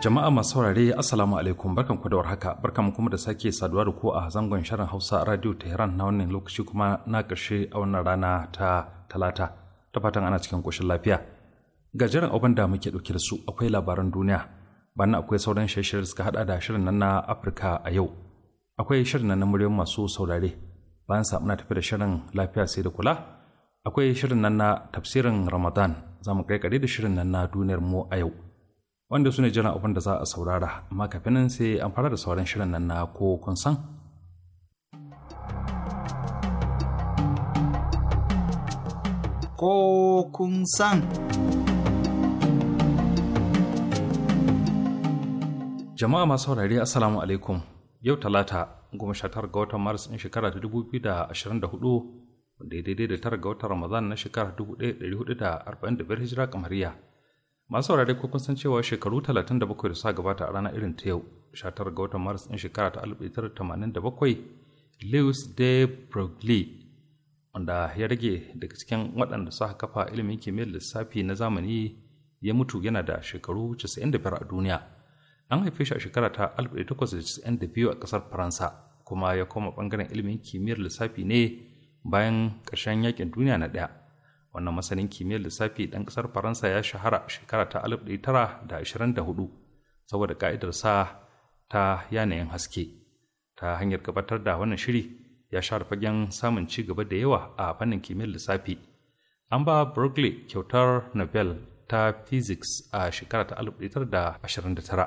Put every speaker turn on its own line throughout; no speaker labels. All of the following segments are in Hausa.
Jama'a masu saurare Assalamu alaikum barkan ku da warhaka barkan kuma da sake saduwa da ku a zangon shirin Hausa Radio Tehran na wannan lokaci kuma na ƙarshe a wannan rana ta Talata ta fatan ana cikin ƙoshin lafiya. Ga jiran abin da muke ɗauke da su akwai labaran duniya bana akwai sauran shirye suka hada da shirin nan na Afirka a yau. Akwai shirin nan na muryoyin masu saurare bayan sa muna tafi da shirin lafiya sai da kula. Akwai shirin nan na tafsirin Ramadan za mu kai da shirin nan na duniyar mu a yau. wanda su ne jiran abin da za a saurara amma kafin nan sai an fara da sauran shirin nan na ko kun san
ko kun san
jama'a masu saurari assalamu alaikum yau talata goma sha tara ga watan maris ɗin shekara ta dubu biyu da ashirin da hudu wanda daidai da tara ga watan ramadan na shekara dubu ɗaya dari hudu da arba'in da biyar hijira kamariya masu saurare ko kun san cewa shekaru 37 da suka gabata a ranar irin ta yau 19 ga watan maris ɗin shekara ta 1987 lewis de broglie wanda ya rage daga cikin waɗanda suka kafa ilimin kimiyyar lissafi na zamani ya mutu yana da shekaru 95 a duniya an haife shi a shekara ta 1892 a ƙasar faransa kuma ya koma ɓangaren ilimin kimiyyar lissafi ne bayan ƙarshen yakin duniya na ɗaya wannan masanin kimiyyar lissafi ɗan ƙasar faransa ya shahara shekara ta 1924 saboda sa ta yanayin haske ta hanyar gabatar da wannan shiri ya share fagen samun ci gaba da yawa a fannin kimiyyar lissafi an ba berkeley kyautar nobel ta physics a shekara ta 1929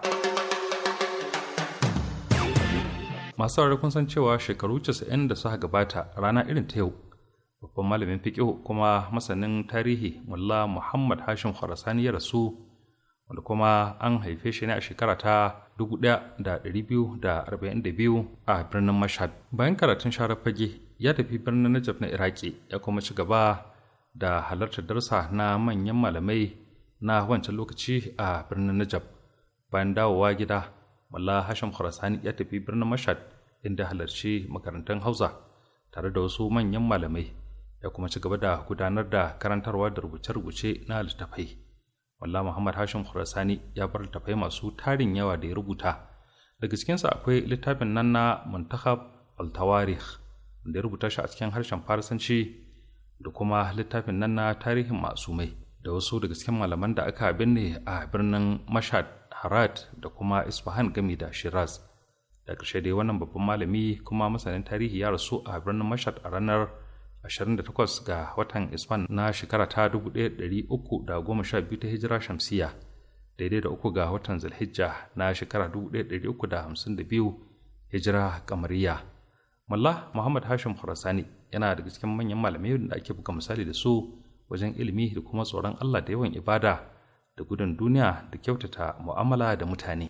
masu saurari kun san cewa shekaru 90 da suka gabata rana irin ta yau babban malamin fiƙihu kuma masanin tarihi mulla muhammad hashim Kwarasani ya rasu wanda kuma an haife shi ne a shekara ta biyu a birnin mashhad bayan karatun sharar fage ya tafi birnin najaf na iraki ya kuma ci gaba da halartar darsa na manyan malamai na wancan lokaci a birnin najaf bayan dawowa gida mulla hashim Kwarasani ya tafi birnin mashhad inda halarci makarantar hausa tare da wasu manyan malamai ya kuma ci gaba da gudanar da karantarwa da rubuce-rubuce na littafai walla muhammad hashim khurasani ya bar littafai masu tarin yawa da ya rubuta daga cikinsa akwai littafin nan na muntakhab al-tawarikh da ya rubuta shi a cikin harshen farisanci da kuma littafin nan na tarihin masumai da wasu daga cikin malaman da aka binne a birnin mashad harat da kuma isfahan gami da shiraz da ƙarshe dai wannan babban malami kuma masanin tarihi ya rasu a birnin mashad a ranar 28 ga watan Isfan na shekara ta 1312 ta hijira shamsiya daidai da uku ga watan Zulhijja na shekara 1352 hijira kamariya. Malla Muhammad Hashim Khurasani yana daga cikin manyan malamai da ake buga misali da su wajen ilimi da kuma tsoron Allah da yawan ibada da gudun duniya da kyautata mu'amala da mutane.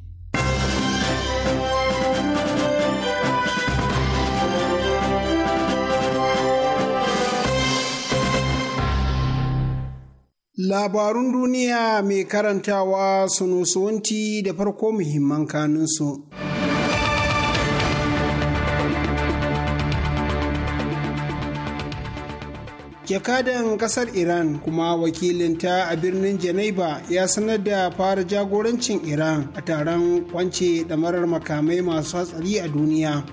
Labarun duniya mai karantawa sunusuwanti da farko muhimman kanunsu. jakadan kasar iran kuma wakilinta a birnin janaiba ya sanar da fara jagorancin iran a taron kwance damarar makamai masu hatsari a duniya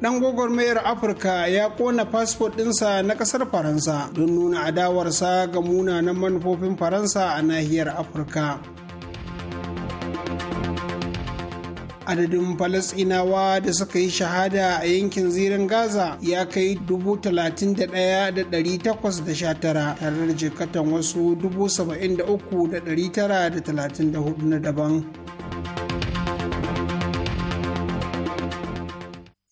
dan gwagwarmayar afirka ya kona fasfot ɗinsa na ƙasar faransa don nuna adawarsa ga munanan manufofin faransa a nahiyar afirka adadin falasinawa da suka yi shahada a yankin zirin gaza ya kai 31,819 tare da jikatan wasu 73,934 na daban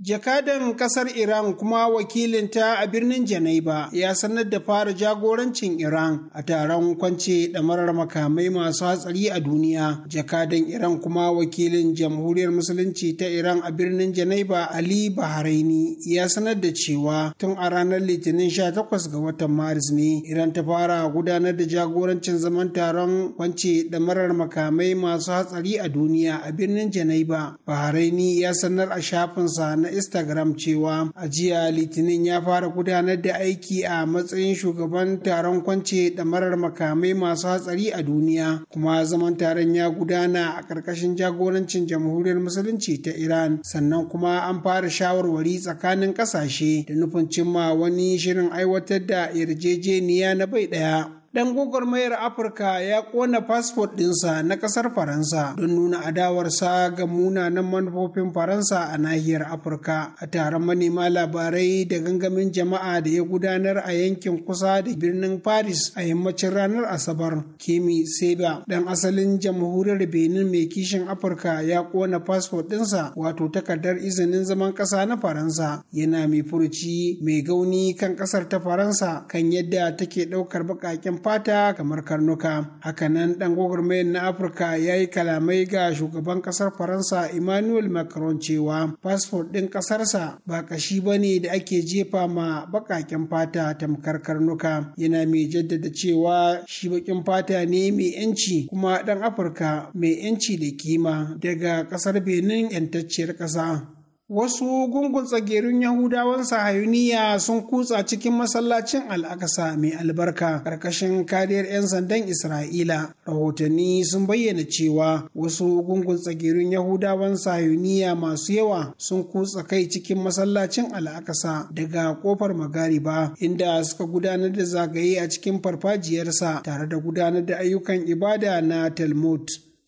Jakadan kasar Iran kuma wakilinta a birnin Janaiba ya sanar da fara jagorancin Iran a taron kwance ɗamarar makamai masu hatsari a duniya. Jakadan Iran kuma wakilin Jamhuriyar Musulunci ta Iran a birnin Janaiba Ali Bahraini ya sanar da cewa tun a ranar Litinin 18 ga watan Maris ne Iran ta fara gudanar da jagorancin zaman taron kwance ɗamarar makamai masu hatsari a duniya a birnin Janaiba. Bahraini ya sanar a shafinsa na na instagram cewa a jiya litinin ya fara gudanar da aiki a matsayin shugaban taron kwance ɗamarar makamai masu hatsari a duniya kuma zaman taron ya gudana a ƙarƙashin jagorancin jamhuriyar musulunci ta iran sannan kuma an fara shawarwari tsakanin ƙasashe da nufin cimma wani shirin aiwatar da yarjejeniya na bai ɗaya Ɗan gwagwarmayar afirka ya ƙona fasfot ɗinsa na ƙasar faransa don nuna adawarsa ga munanan manufofin faransa a nahiyar afirka a taron manema labarai da gangamin jama'a da ya gudanar a yankin kusa da birnin paris a yammacin ranar asabar kemi seba dan asalin jamhuriyar benin mai kishin afirka ya ƙona fasfot ɗinsa wato takardar izinin zaman ƙasa na faransa yana mai furuci mai gauni kan ƙasar ta faransa kan yadda take ɗaukar baƙaƙen fata kamar karnuka hakanan dan gwagwarmayar na afirka ya yi kalamai ga shugaban kasar faransa emmanuel macron cewa fasfot ɗin ƙasarsa ba kashi ba ne da ake jefa ma baƙaƙen fata tamkar karnuka yana mai jaddada cewa shi baƙin fata ne mai yanci kuma ɗan afirka mai yanci da kima daga ƙasar benin yantacciyar ƙasa wasu gungun tsagerun yahudawan sahayuniya sun kutsa cikin masallacin al'akasa mai albarka ƙarƙashin kariyar 'yan sandan isra'ila rahotanni sun bayyana cewa wasu gungun tsagerun yahudawan sahayuniya masu yawa sun kutsa kai cikin masallacin al'akasa daga ƙofar magariba inda suka gudanar da zagaye a cikin farfajiyarsa tare da gudanar da ayyukan ibada na talmud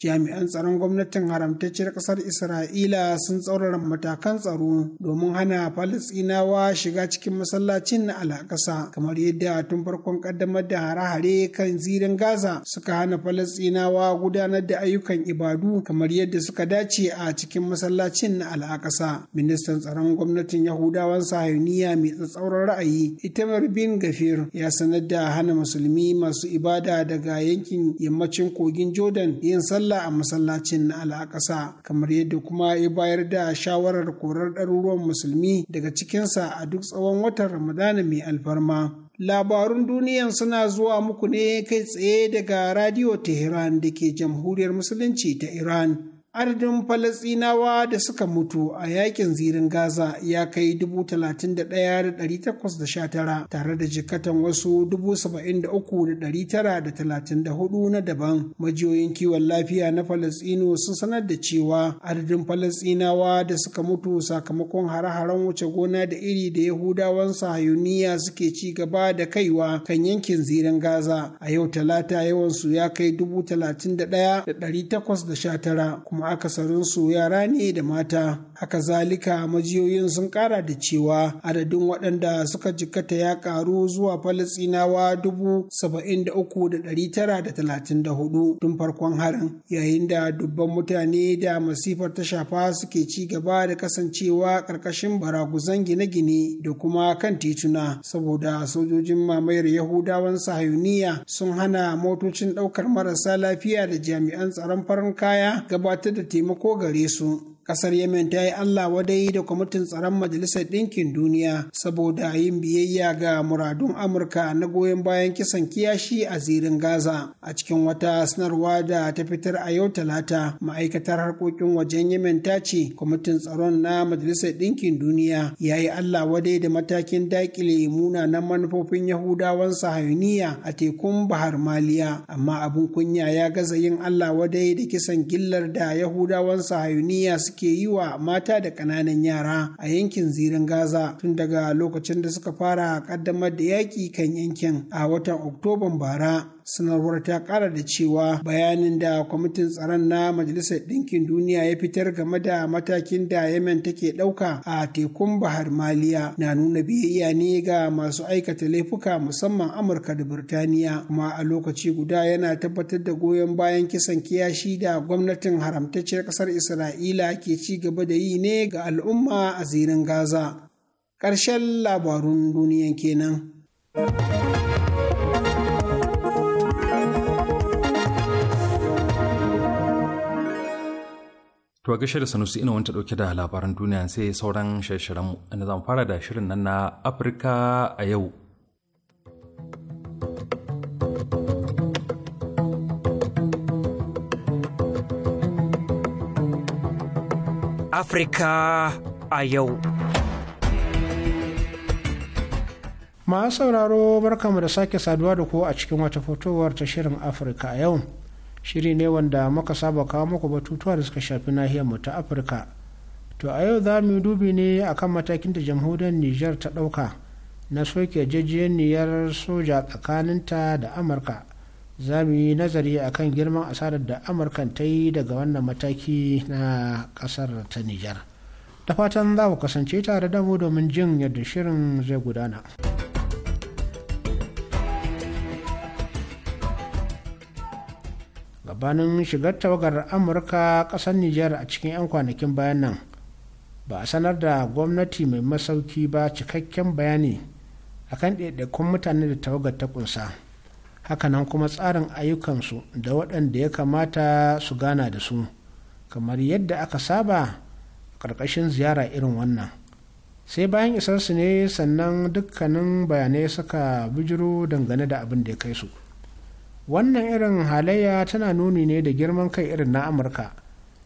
jami'an tsaron gwamnatin haramtacciyar ƙasar isra'ila sun tsaurara matakan tsaro domin hana falisinawa shiga cikin masallacin na alakasa kamar yadda tun farkon ƙaddamar da hare-hare kan zirin gaza suka hana falisinawa gudanar da ayyukan ibadu kamar yadda suka dace a cikin masallacin na alakasa ministan tsaron gwamnatin yahudawan sahiniya mai tsatsauran ra'ayi itamar bin gafir ya sanar da hana musulmi masu ibada daga yankin yammacin kogin jordan yin sallah sallah a masallacin na al'aƙasa kamar yadda kuma ya bayar da shawarar korar ɗaruruwan musulmi daga cikinsa a duk tsawon watan ramadana mai alfarma labarun duniyan suna zuwa muku ne kai tsaye daga radio tehran da ke jamhuriyar musulunci ta iran adadin falasinawa da suka mutu a yakin zirin gaza ya kai 31,819 tare da jikatan wasu 73,934 na daban majiyoyin kiwon lafiya na falasino sun sanar da cewa adadin falasinawa da suka mutu sakamakon hare-haren wuce gona da iri da yahudawan sahayuniya suke ci gaba da kaiwa kan yankin zirin gaza a yau talata yawansu ya kai 31,819 kuma akasarinsu yara ne da mata haka zalika majiyoyin sun kara da cewa adadin waɗanda suka jikkata ya karu zuwa falasinawa dubu saba'in da uku da ɗari tara da talatin da hudu tun farkon harin yayin da dubban mutane da masifar ta shafa suke ci gaba da kasancewa ƙarƙashin baraguzan gine-gine da kuma kan tituna saboda sojojin mamayar yahudawan sahayuniya sun hana motocin ɗaukar marasa lafiya da jami'an tsaron farin kaya gabatar da taimako gare su Ƙasar Yemen ta yi Allah wadai da kwamitin tsaron Majalisar Ɗinkin Duniya saboda yin biyayya ga muradun Amurka na goyon bayan kisan kiyashi a zirin Gaza. A cikin wata sanarwa da ta fitar a yau Talata, ma'aikatar harkokin wajen Yemen ta ce kwamitin tsaron na Majalisar Ɗinkin Duniya ya yi Allah wadai da matakin daƙile na manufofin Yahudawan Sahayuniya a tekun Bahar Maliya, amma abin kunya ya gaza yin Allah wadai da kisan gillar da Yahudawan Sahayuniya suke ake yi wa mata da ƙananan yara a yankin zirin Gaza tun daga lokacin da suka fara ƙaddamar da yaƙi kan yankin a watan Oktoban bara. sanarwar ta kara da cewa bayanin da kwamitin tsaron na majalisar ɗinkin duniya ya fitar game da matakin da yemen take ɗauka a tekun bahar maliya na nuna biyayya ne ga masu aikata laifuka musamman amurka da birtaniya kuma a lokaci guda yana tabbatar da goyon bayan kisan kiyashi da gwamnatin haramtacciyar ƙasar isra'ila ke ci gaba da yi ne ga al'umma a zirin gaza ƙarshen labarun duniyan kenan.
To gashe da Sanusi ina wanta dauke da labaran duniya sai sauran shirye mu inda zan fara da shirin nan na Afirka a yau.
Afirka a yau.
Masu sauraro barkamu da sake saduwa da ku a cikin wata fotowar ta shirin Afirka a yau. shiri ne wanda muka saba kawo muku batutuwa da suka shafi nahiyar mu ta afirka to a yau za mu dubi ne akan matakin da jamhuriyar niger ta ɗauka na soke jajjeniyar soja tsakaninta da amurka za mu yi nazari akan girman asarar da amurkan ta yi daga wannan mataki na kasar ta niger da fatan za ku kasance tare da mu domin jin yadda shirin zai gudana. sabanin shigar tawagar amurka ƙasar nijar a cikin 'yan kwanakin bayan nan ba a sanar da gwamnati mai masauki ba cikakken bayani akan ɗaiɗaikun mutane da tawagar ta ƙunsa hakanan kuma tsarin ayyukansu da waɗanda ya kamata su gana da su kamar yadda aka saba ƙarƙashin ziyara irin wannan sai bayan isarsu ne sannan dukkanin bayanai suka bijiro dangane da abin da ya kai su wannan irin halayya tana nuni ne da girman kai irin na amurka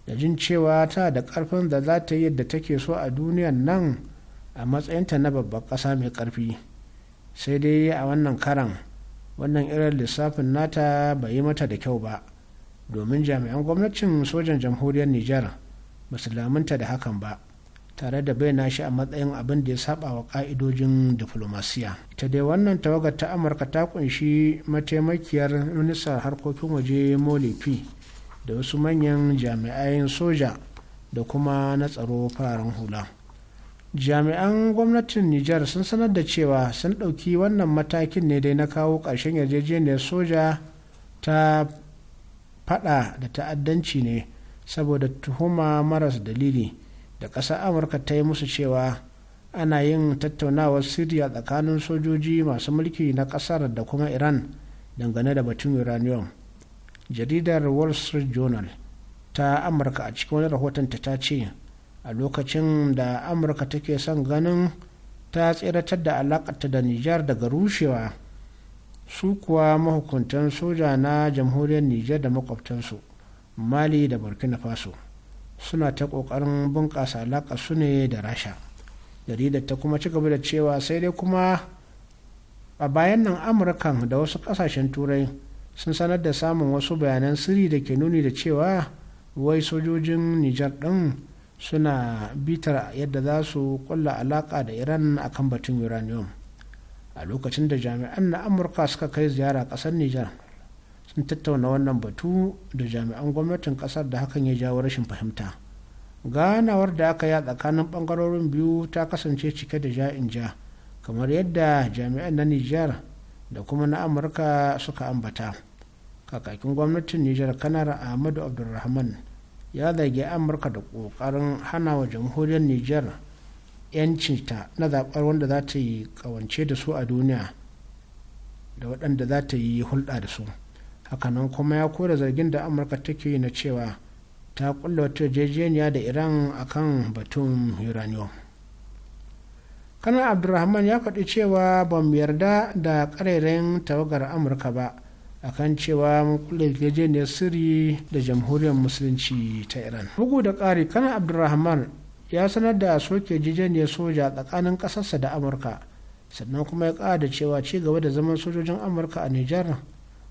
da jin cewa ta da karfin da za ta yi yadda take so a duniyan nan a matsayinta na babbar ƙasa mai ƙarfi sai dai a wannan karan wannan irin lissafin nata bai yi mata da kyau ba domin jami'an gwamnatin sojan jamhuriyar nijar lamunta da hakan ba tare da bayyana shi a matsayin abin da ya saba wa ka'idojin diflomasiya ta dai wannan tawagar ta amurka ta kunshi mataimakiyar ministan harkokin waje molifi da wasu manyan jami'ai soja da kuma na tsaro fararen hula jami'an gwamnatin nijar sun sanar da cewa sun ɗauki wannan matakin ne dai na kawo ƙarshen yarjejeniyar soja ta fada da ta'addanci ne saboda tuhuma maras dalili da ƙasar amurka ta yi musu cewa ana yin tattaunawar siriya tsakanin sojoji masu mulki na ƙasar da kuma iran dangane da batun uranium jaridar wall street journal ta amurka a cikin wani rahoton ta ce a lokacin da amurka take son ganin ta tseratar da alakata da nijar daga rushewa su kuwa mahukuntan soja na jamhuriyar nijar da makwabtansu mali da burkina faso suna ta ƙoƙarin bunƙasa alaƙa su ne da rasha jaridar ta kuma ci gaba da cewa sai dai kuma a bayan nan amurkan da wasu ƙasashen turai sun sanar da samun wasu bayanan sirri da ke nuni da cewa wai sojojin nijar ɗin suna bitar yadda za su kulla alaƙa da iran a kan batun uranium a lokacin da jami'an na amurka suka kai ziyara ƙasar nijar sun tattauna wannan batu da jami'an gwamnatin kasar da hakan ya jawo rashin fahimta ganawar da aka yi a tsakanin bangarorin biyu ta kasance cike da ja'in ja kamar yadda jami'an na nijar da kuma na amurka suka ambata kakakin gwamnatin nijar kanar ahmadu abdulrahman ya zage amurka da kokarin hana wa jamhuriyar nijar yancinta na zaɓar wanda za ta yi kawance da su a duniya da waɗanda za ta yi hulɗa da su. hakanan kuma ya kore zargin da amurka take yi na cewa ta kulla wata yarjejeniya da iran akan batun uranium kanan abdulrahman ya faɗi cewa ba mu yarda da ƙararren tawagar amurka ba akan cewa mun kulle yarjejeniyar sirri da jamhuriyar musulunci ta iran bugu da ƙari kanan abdulrahman ya sanar da soke yarjejeniyar soja tsakanin ƙasarsa da amurka sannan kuma ya ƙara da cewa ci gaba da zaman sojojin amurka a nijar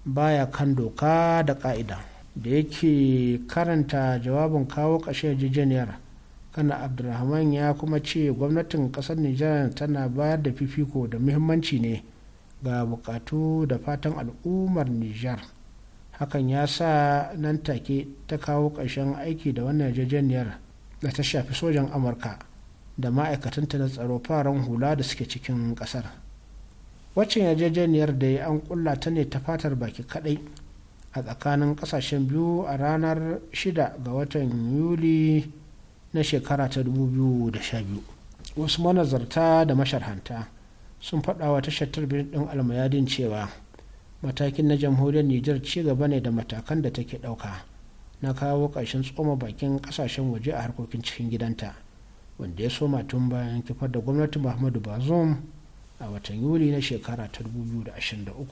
baya kan doka da ka'ida da yake karanta jawabin kawo ƙashe yarjejeniyar kana abdulrahman ya kuma ce gwamnatin ƙasar nijar tana bayar da fifiko da muhimmanci ne ga bukatu da fatan al'ummar nijar hakan ya sa nan take ta kawo ƙarshen aiki da wannan yarjejeniyar da ta shafi sojan amurka da ma'aikatanta na tsaro faran hula da suke cikin ƙasar. waccan yarjejeniyar da ya an kulla ta ne ta fatar baki kadai a tsakanin kasashen biyu a ranar 6 ga watan yuli na shekara ta 2012 wasu manazarta da masharhanta sun faɗa wa tashar tarbiyyar ɗin almayadin cewa matakin na jamhuriyar nijar ci gaba ne da matakan da take ɗauka na kawo ƙarshen tsoma bakin ƙasashen waje a harkokin cikin gidanta wanda ya soma tun bayan kifar da gwamnatin muhammadu bazoum a watan yuli na shekara ta 2023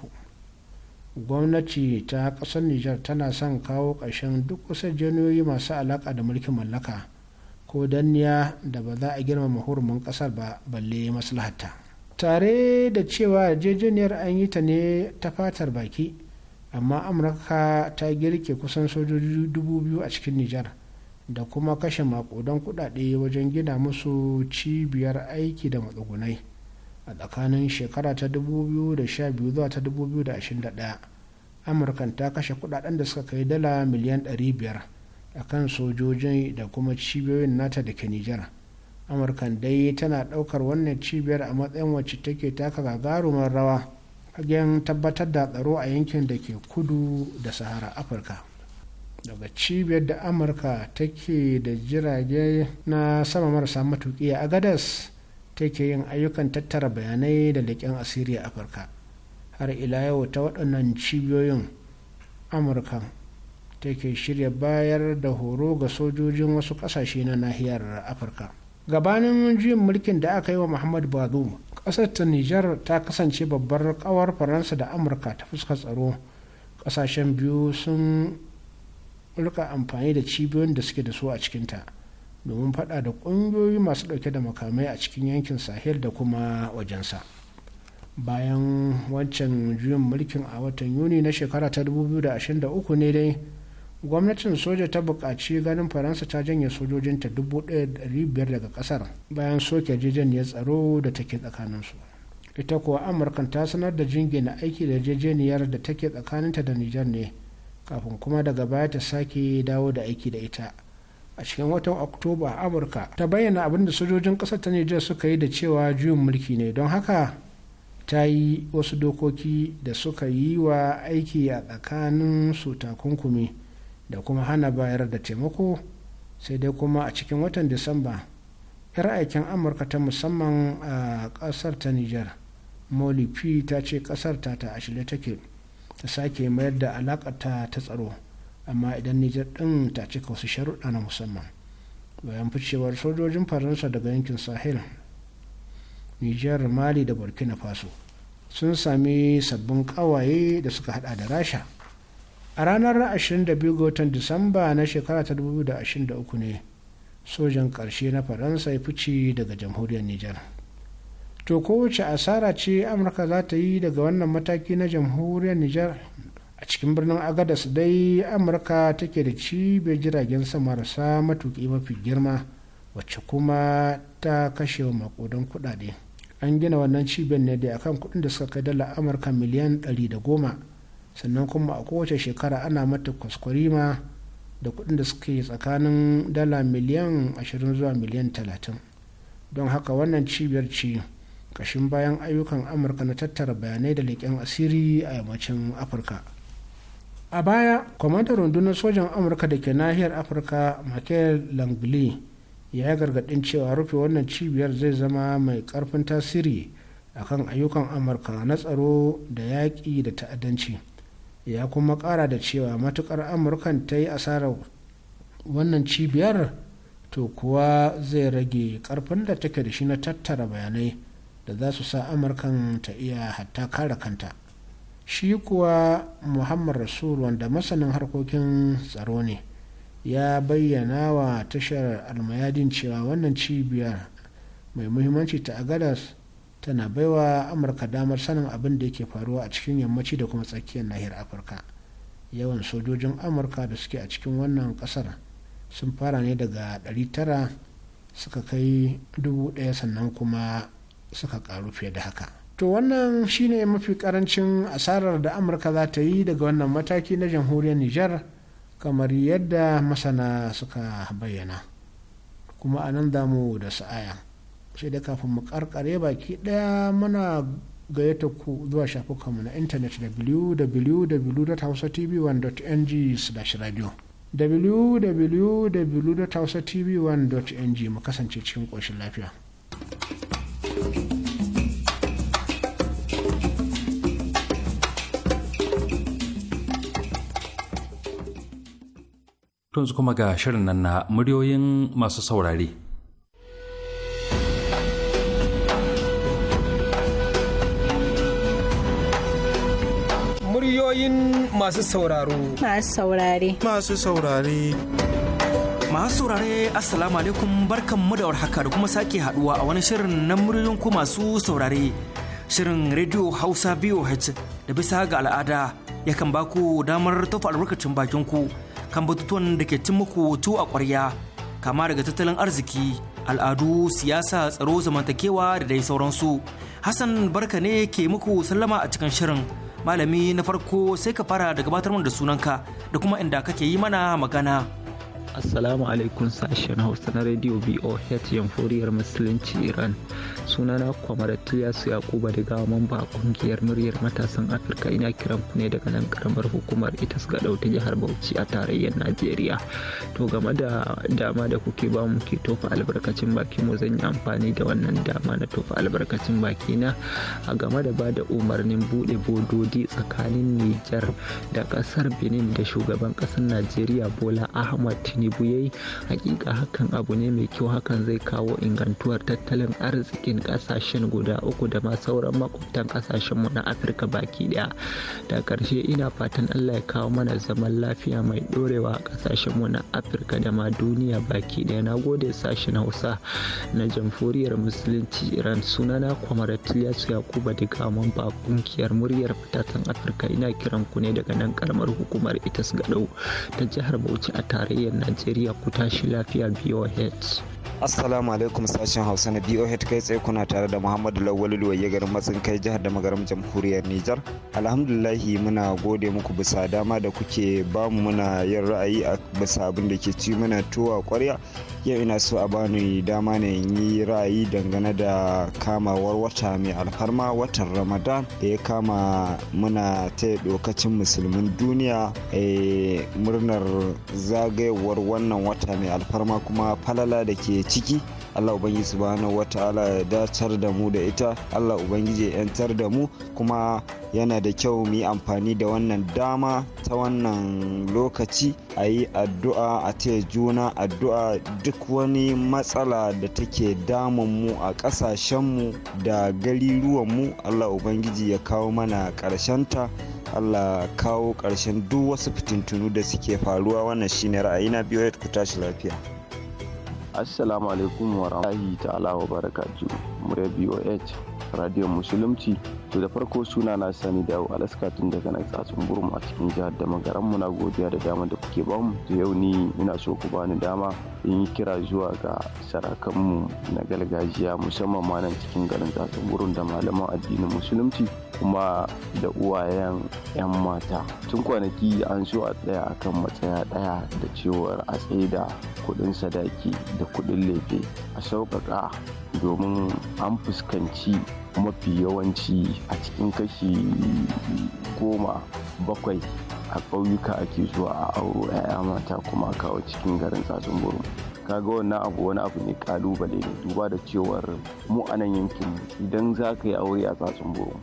gwamnati ta kasar nijar tana son kawo ƙarshen duk wasu janiyoyi masu alaƙa da mulkin mallaka ko danniya da ba za a girmama hurumin ƙasar ba balle maslahata tare da cewa yarjejeniyar an yi ta ne ta fatar baki amma amurka ta girke kusan sojoji dubu biyu a cikin nijar da kuma kashe makudan kudade wajen gina musu cibiyar aiki da matsugunai a tsakanin shekara ta 2012 zuwa ta 2021 amurkan ta kashe kudaden da suka kai dala miliyan 500 a kan sojoji da kuma cibiyoyin nata da ke nijar amurkan dai tana daukar wannan cibiyar a matsayin wacce take taka gagarumar rawa hagen tabbatar da tsaro a yankin da ke kudu da sahara afirka daga cibiyar da amurka take da jirage na sama marasa matuƙi a gadas take yin ayyukan tattara bayanai da leƙen asiri a afirka har ila yau ta waɗannan cibiyoyin amurka take shirya bayar da horo ga sojojin wasu ƙasashe na nahiyar afirka gabanin juyin mulkin da aka yi wa muhammad bazu ƙasar ta nijar ta kasance babbar kawar faransa da amurka ta fuskar tsaro ƙasashen biyu sun rika amfani da cibiyoyin da suke da su a cikinta domin faɗa da ƙungiyoyi masu ɗauke da makamai a cikin yankin sahel da kuma wajensa bayan wancan juyin mulkin a watan yuni na shekara ta 2023 ne dai gwamnatin soja ta buƙaci ganin faransa ta janye sojojinta 1,500 daga ƙasar bayan soke ya tsaro da take tsakaninsu ita kuwa amurkan ta sanar da jingina aiki da jejeniyar da take tsakaninta da nijar ne kafin kuma daga baya ta sake dawo da aiki da ita a cikin watan oktoba amurka ta bayyana abin da sojojin kasar ta nijar suka yi da cewa juyin mulki ne don haka ta yi wasu dokoki da suka yi wa aiki a tsakanin su takunkumi da kuma hana bayar da taimako sai dai kuma a cikin watan disamba yar aikin amurka ta musamman a kasar ta nijar molifi ta ce kasar ta ta ashirya take ta sake mayar da alaƙa ta tsaro amma idan nijar ɗin ta cika wasu sharuɗa na musamman bayan ficewar sojojin faransa daga yankin sahel nijar mali da burkina faso sun sami sabbin kawaye da suka hada da rasha a ranar 22 ga watan disamba na shekara ta 2023 ne sojan ƙarshe na faransa ya fice daga jamhuriyar nijar to kowace asara ce amurka za ta yi daga wannan mataki na jamhuriyar nijar a cikin birnin agadas dai amurka take da cibiyar jiragen sama marasa matuki mafi girma wacce kuma ta kashe wa makudan kudade an gina wannan cibiyar ne da akan kudin da suka kai dala amurka miliyan ɗari da goma sannan kuma a kowace shekara ana mata kwaskwarima da kudin da suka yi tsakanin dala miliyan ashirin zuwa miliyan talatin don haka wannan cibiyar ce kashin bayan ayyukan amurka na tattara bayanai da leƙen asiri a yammacin afirka a baya kwamandan rundunar sojan amurka da ke nahiyar afirka michael langley ya yi gargadin cewa rufe wannan cibiyar zai zama mai karfin tasiri akan ayyukan amurka na tsaro da yaƙi da ta'addanci ya kuma ƙara da cewa matukar amurkan ta yi asarar wannan cibiyar to kuwa zai rage karfin da take da shi na tattara bayanai da za su sa amurkan ta iya hatta kare kanta shi kuwa muhammad rasul wanda masanin harkokin tsaro ne ya bayyana wa tashar almayadin cewa wannan cibiyar mai muhimmanci ta agadas tana baiwa amurka damar sanin abin da yake faruwa a cikin yammaci da kuma tsakiyar nahiyar afirka yawan sojojin amurka da suke a cikin wannan kasar sun fara ne daga 900 suka kai 1000 sannan kuma suka karu fiye da haka to wannan shine mafi karancin asarar da amurka za ta yi daga wannan mataki na jamhuriyar nijar kamar yadda masana suka bayyana kuma a nan damu da sa'aya sai da kafin mu karkare baki daya muna gayyata ku zuwa shafukanmu na intanet www.hausatv1.ng slash radio www.hausatv1.ng mu kasance cikin ƙoshin lafiya.
tun su kuma ga shirin nan na muryoyin masu saurare.
Muryoyin masu sauraro.
Masu saurare.
Masu saurare. Masu saurare Assalamu alaikum barkanmu da warhaka da kuma sake haduwa a wani shirin na muryoyin ku masu saurare. Shirin Radio Hausa VOH da bisa ga al'ada yakan baku damar tofa albarkacin bakin ku. kan batutuwan da ke cin muku tu a ƙwarya kama daga tattalin arziki al'adu siyasa tsaro zamantakewa da dai sauransu hassan barka ne ke muku sallama a cikin shirin malami na farko sai ka fara da gabatar da sunanka da kuma inda kake yi mana magana. Assalamu alaikum
sashen Hausa na Radio BOH Jamhuriyar Musulunci Iran. sunana kwamar tiliyasu yakuba daga mamba a kungiyar muryar matasan afirka ina kiran ku ne daga nan karamar hukumar ita suka ta jihar bauchi a tarayyar najeriya to game da dama da kuke ba mu ke tofa albarkacin baki mu zan yi amfani da wannan dama na tofa albarkacin baki na a game da ba da umarnin buɗe bododi tsakanin nijar da ƙasar benin da shugaban ƙasar najeriya bola ahmad tinubu yayi hakika hakan abu ne mai kyau hakan zai kawo ingantuwar tattalin arziki cikin kasashen guda uku da ma sauran makwabtan kasashenmu na afirka baki daya da karshe ina fatan allah ya kawo mana zaman lafiya mai dorewa a kasashenmu na afirka da ma duniya baki daya na gode sashen hausa na jamhuriyar musulunci iran sunana kwamar tiliyasu yakuba daga ba kungiyar muryar fitatan afirka ina kiran ku ne daga nan karamar hukumar ita itas gadau ta jihar bauchi a tarayyar najeriya ku tashi lafiya Heads.
Assalamu alaikum sashen Hausa na BOH kai tsaye kuna tare da Muhammadu Lawal Luwaye garin matsin kai jihar da magaram jamhuriyar Nijar. Alhamdulillahi muna gode muku bisa dama da kuke bamu muna yin ra'ayi a bisa abin da ke ci mana tuwa kwarya. Yau ina so a bani dama ne in yi ra'ayi dangane da kamawar wata mai alfarma watan Ramadan da ya kama muna ta dokacin musulmin duniya eh, murnar zagayowar wannan wata mai alfarma kuma falala da ke ke ciki Allah Ubangiji subhanahu wataala ya dacar da mu da ita Allah Ubangiji ya yantar da mu kuma yana da kyau mu yi amfani da wannan dama ta wannan lokaci a yi addu'a a taya juna addu'a duk wani matsala da take damun mu a mu da mu Allah Ubangiji ya kawo mana ƙarshenta Allah kawo ƙarshen duk wasu fitintunu da suke faruwa wannan shine ra'ayi na biyu ku tashi lafiya.
assalamu alaikum wa rahmatullahi ta'ala wa barakatuh murya boh radiyon musulunci to da farko suna na sani da yau alaska tun daga na tsatsun burum a cikin jihar da magaran mu na godiya da dama da kuke bamu to yau ni ina so ku bani dama in yi kira zuwa ga sarakanmu na gargajiya musamman ma nan cikin garin tsatsun burum da malaman addinin musulunci kuma da uwayen 'yan mata tun kwanaki an so a tsaya akan matsaya daya da cewar a tsaida kudin sadaki da kudin lefe a sauƙaƙa domin an fuskanci mafi yawanci a cikin kashi goma bakwai a ƙauyuka ake zuwa a auro 'ya'ya mata kuma kawo cikin garin tsatsun buru kaga wannan abu wani abu ne kalubale ne duba da cewar mu a nan yankin idan za ka yi aure a tsatsun buru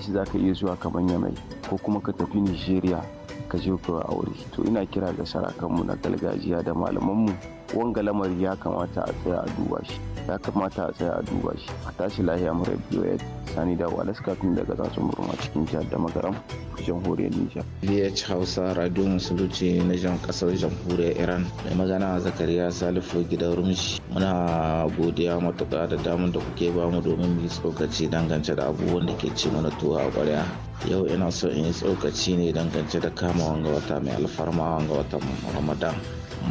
shi za ka iya zuwa kamar yamai ko kuma ka tafi nigeria ka je ka aure to ina kira ga sarakanmu na gargajiya da malamanmu wanga lamari ya kamata a tsaya a duba shi ya kamata a tsaya a duba shi a tashi lahiya mara biyu ya sani da walas kafin daga zasu murma cikin jihar da magaram jamhuriyar nijar vh hausa radio musulunci na jan kasar jamhuriyar iran mai magana a zakariya
salifu gidan rumshi muna godiya matuƙa da damar da kuke bamu domin mu yi tsokaci dangance da abubuwan da ke ci mana tuwa a ƙwarya yau ina so in yi tsokaci ne dangance da kama wanga wata mai alfarma wanga wata ramadan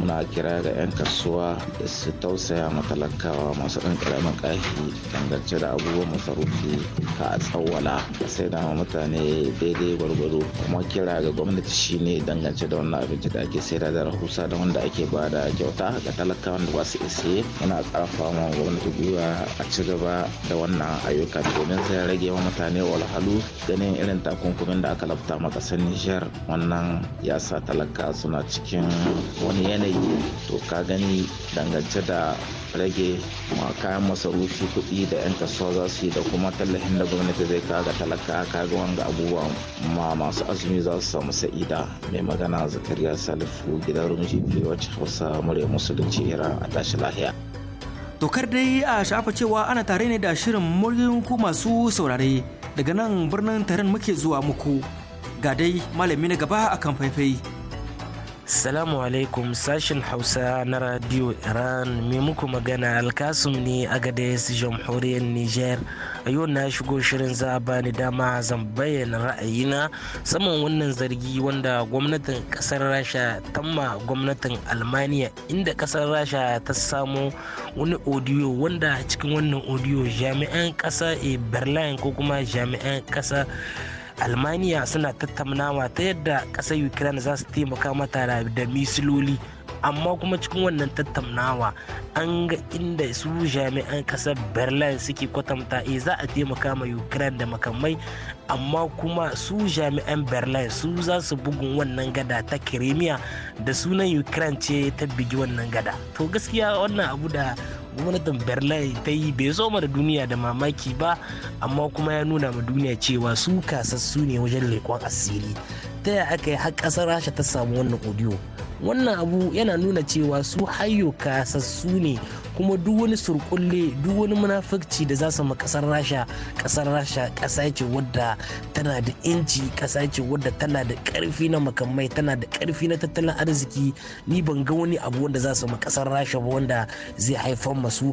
muna kira ga 'yan kasuwa da su tausaya ma talakawa masu ɗan ƙaramin ƙashi dangance da abubuwan masarufi ka a tsawwala sai da mutane daidai gwargwado kuma kira ga gwamnati shine dangance da wannan abinci da ake sai da rahusa da wanda ake ba da kyauta ga talakawan da ba su isa yana ƙarfafa ma gwamnati gwiwa a ci gaba da wannan ayyuka domin sai rage wa mutane walhalu ganin irin takunkumin da aka lafta ma ƙasar Nijar wannan ya sa talaka suna cikin wani yanayi to ka gani dangance da rage kayan masarufi kuɗi da 'yan kasuwa za su yi da kuma tallafin da gwamnati zai kaga talaka ga wanga abubuwa ma masu azumi za su samu sa'ida mai magana zakariya salifu gidan rumji biyu wacce hausa murya musulunci iran a tashi lahiya
tokar dai a shafa cewa ana tare ne da shirin muryin ku masu saurare daga nan birnin tarin muke zuwa muku ga dai malami na gaba akan faifai Salamu alaikum sashin Hausa na Radio
Iran mai muku magana alkasum ne a gadayas jamhuriyar Nijar. A yau na shigo shirin za a bani dama zan bayyana ra'ayina saman wannan zargi wanda gwamnatin kasar Rasha tamma gwamnatin Almaniya inda kasar Rasha ta samo wani odiyo wanda cikin wannan odiyo jami'an kasa e eh, Berlin ko kuma jami'an kasa almaniya suna tattaunawa ta yadda ƙasar ukraine za su taimaka mata da misiloli amma kuma cikin wannan tattaunawa an ga inda su jami'an kasar berlin suke kwatanta e za a taimaka ma ukraine da makamai amma kuma su jami'an berlin su za su bugun wannan gada ta kirimiya da sunan ukraine ce ta bigi wannan gada to gaskiya wannan abu da gwamnatin berlin ta yi bai zo da duniya da mamaki ba amma kuma ya nuna ma duniya cewa su kasassu ne wajen leƙon asiri ta yaya aka yi har ƙasar rasha ta samu wannan audio wannan abu yana nuna cewa su hayo kasassu ne kuma duk wani surkulle duk wani munafurci da za su ma kasar rasha kasar rasha kasa ce wadda tana da inci kasa ce wadda tana da karfi na makamai tana da karfi na tattalin arziki ni ban ga wani abu wanda za su ma kasar rasha ba wanda zai haifar masu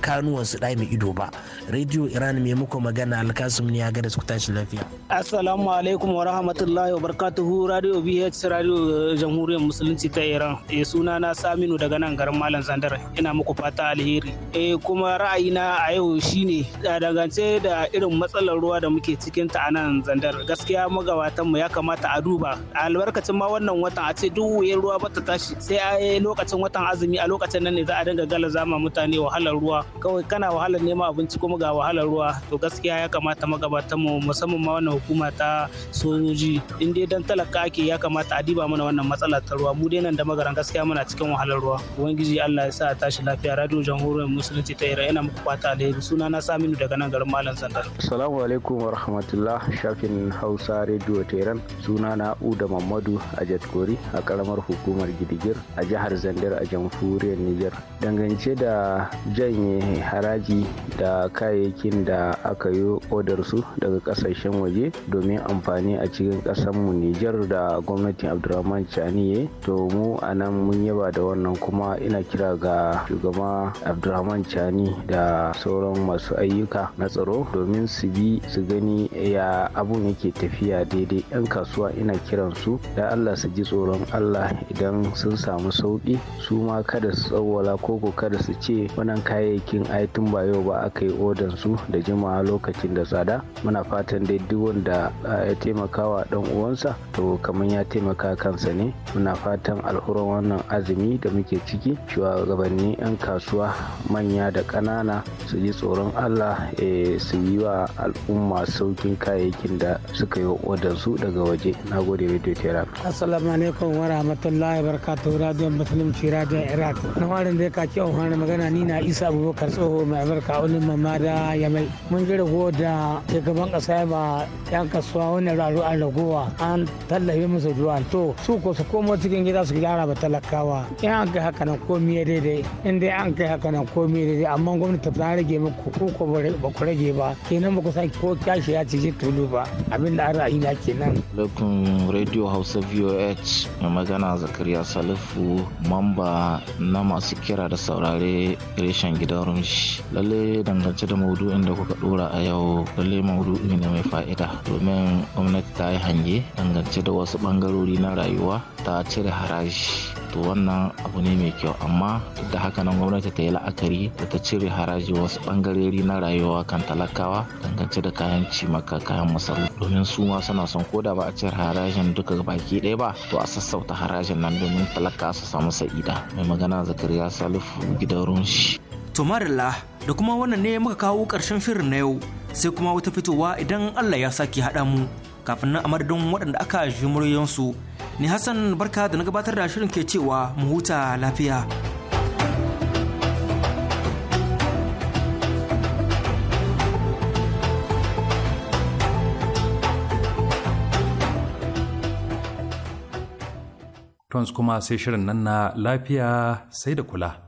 kanuwan su mai ido ba radio iran mai muku magana alkasum ne ya ga da su tashi lafiya
assalamu alaikum wa rahmatullahi wa barakatuhu radio bh radio jamhuriyar musulunci ta iran e eh, suna na saminu daga nan garin malam zandar ina muku fata alheri e kuma ra'ayina a yau shine da dangance da irin matsalar ruwa da muke cikin ta a nan zandar gaskiya magabatanmu ya kamata a duba albarkacin ma wannan watan a ce duk wayar ruwa bata tashi sai a eh, lokacin watan azumi a lokacin nan ne za a dinga gala zama mutane wahalar ruwa kawai kana wahalar neman abinci kuma ga wahalar ruwa to gaskiya ya kamata magabatanmu musamman ma wannan hukuma ta sojoji in idan talaka ake ya kamata a diba mana wannan matsala ta ruwa mu dai nan da magaran gaskiya muna cikin wahalar ruwa ubangiji Allah ya sa a tashi lafiya radio jamhuriyar musulunci ta ira yana muku fata alheri suna na Saminu daga nan garin Malam Sandar assalamu alaikum wa rahmatullah shafin Hausa radio ta Iran suna na Uda Mamadu a Jatkori a karamar hukumar Gidigir a jihar Zandar a jamhuriyar Niger dangance da janye haraji da kayayyakin da aka yi odar su daga kasashen waje domin amfani a cikin mu Nijar da gwamnatin chani Chaniye. To mu a nan mun yaba da wannan kuma ina kira ga shugaba Abdulrahman Chani da sauran masu ayyuka na tsaro domin su bi su gani ya abun yake tafiya daidai 'yan kasuwa ina kiran su da Allah su ji tsoron Allah idan sun samu sauki su ma kada su tsawwala ko kada su ce wannan kayayyakin tun ba yau ba aka yi odan su da jimawa lokacin da tsada muna fatan dai duk wanda eh, ya taimakawa dan uwansa kansa to kamar ya taimaka kansa ne muna fatan alhuran wannan azumi da muke ciki shugabanni 'yan kasuwa manya da ƙanana su ji tsoron allah eh, su yi wa al'umma saukin kayayyakin da suka yi wa su daga waje na gode radio tehran assalamu alaikum wa rahmatullahi barakatuhu radio musulunci radio iraq na warin da ya kaci wani magana ni na isa abubakar tsoho mai albarka ulin mamada yamai mun ji rago da shugaban kasa ba yan kasuwa wani raro a ragowa an tallafe musu ruwan to su ko su komo cikin gida su gyara ba talakawa in an kai haka nan komi ya daidai in dai an kai haka nan komi ya daidai amma gwamnati ta rage muku ko ko ba ku rage ba kenan ba ku san ko kyashi ya cije tulu ba abin da ra'ayi na kenan.
Lokacin Radio Hausa VOH mai magana Zakariya Salifu mamba na masu kira da saurare reshen gidan rumshi. Lalle dangance da maudu'in da kuka dora a yau lalle maudu'i ne mai fa'ida domin gwamnati ta yi hange dangance da wasu bangarori na rayuwa ta cire haraji to wannan abu ne mai kyau amma da haka nan gwamnati ta yi la'akari da ta cire haraji wasu bangarori na rayuwa kan talakawa dangance da kayan cimaka kayan masaru domin su ma suna son ko da ba a cire harajin duka baki ɗaya ba to a sassauta harajin nan domin talaka su samu sa'ida mai magana zakariya salifu gidan runshi.
Marilla da kuma wannan ne muka kawo ƙarshen shirin na yau sai kuma wata fitowa idan allah ya sake haɗa mu kafin nan a madadin waɗanda aka ji muryoyinsu ni hassan barka da na gabatar da shirin ke cewa mu huta lafiya
Tons kuma sai shirin nan na lafiya sai da kula.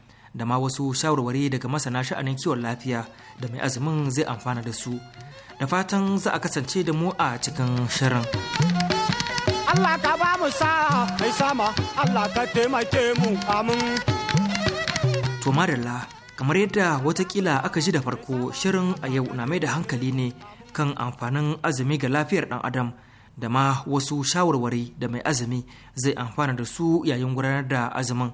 da ma wasu shawarwari daga masana sha'anin kiwon lafiya da mai azumin zai amfana da su da fatan za a kasance da mu a cikin shirin
Allah ka ba mu sa mai sama Allah ka taimake mu amin
to madalla kamar yadda watakila aka ji da farko shirin a yau na mai da hankali ne kan amfanin azumi ga lafiyar dan adam da ma wasu shawarwari da mai azumi zai amfana da su yayin gudanar da azumin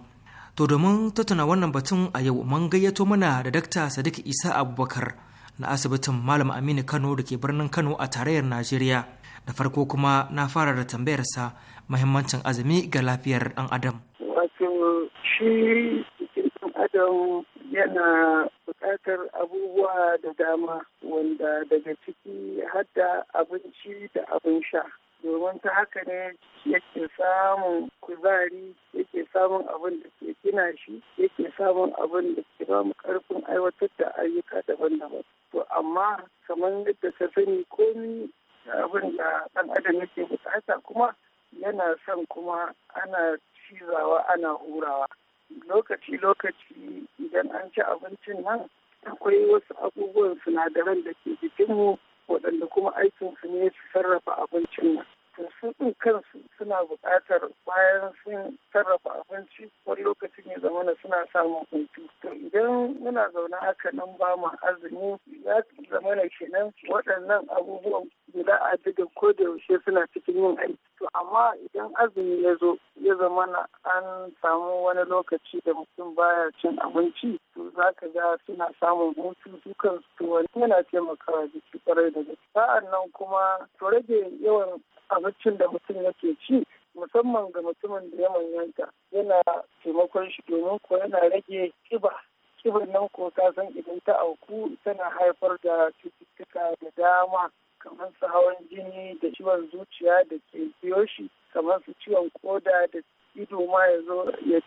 To domin tattauna wannan batun a yau mun gayyato mana da Dakta Sadiq Isa Abubakar na asibitin Malam Aminu Kano da ke birnin Kano a tarayyar Najeriya. Da farko kuma na fara da tambayarsa muhimmancin azumi ga lafiyar ɗan adam.
Wato shi ɗan adam yana buƙatar abubuwa da dama wanda daga ciki hadda abinci da abin sha. domin ta haka ne yake samun kuzari yake samun abin da ke gina shi yake samun abin da ke ba mu karfin aiwatar da ayyuka daban-daban to amma kamar yadda ka sani komi abin da ɗan adam yake bukata kuma yana son kuma ana cizawa ana hurawa lokaci-lokaci idan an ci abincin nan akwai wasu abubuwan sinadaran da ke jikinmu waɗanda kuma aikinsu ne su sarrafa abincin nan. ɗin kansu suna buƙatar bayan sun sarrafa abinci wani lokacin ya zamana suna samun hutu. To idan muna zaune haka nan ba mu azumi ya zama na kenan waɗannan abubuwan za a ko da yaushe suna cikin yin aiki to amma idan azumi ya zo ya zama na an samu wani lokaci da mutum baya cin abinci to za ka ga suna samun hutu su wani yana taimakawa jiki kwarai da gaske sa'an nan kuma to rage yawan abincin da mutum yake ci musamman ga mutumin da ya manyanta yana taimakon shi domin ko yana rage kiba kibar nan ko ta idan ta auku tana haifar da cututtuka da dama kamar su hawan jini da ciwon zuciya da ke biyo shi kamar su ciwon koda da ido ma ya zo ya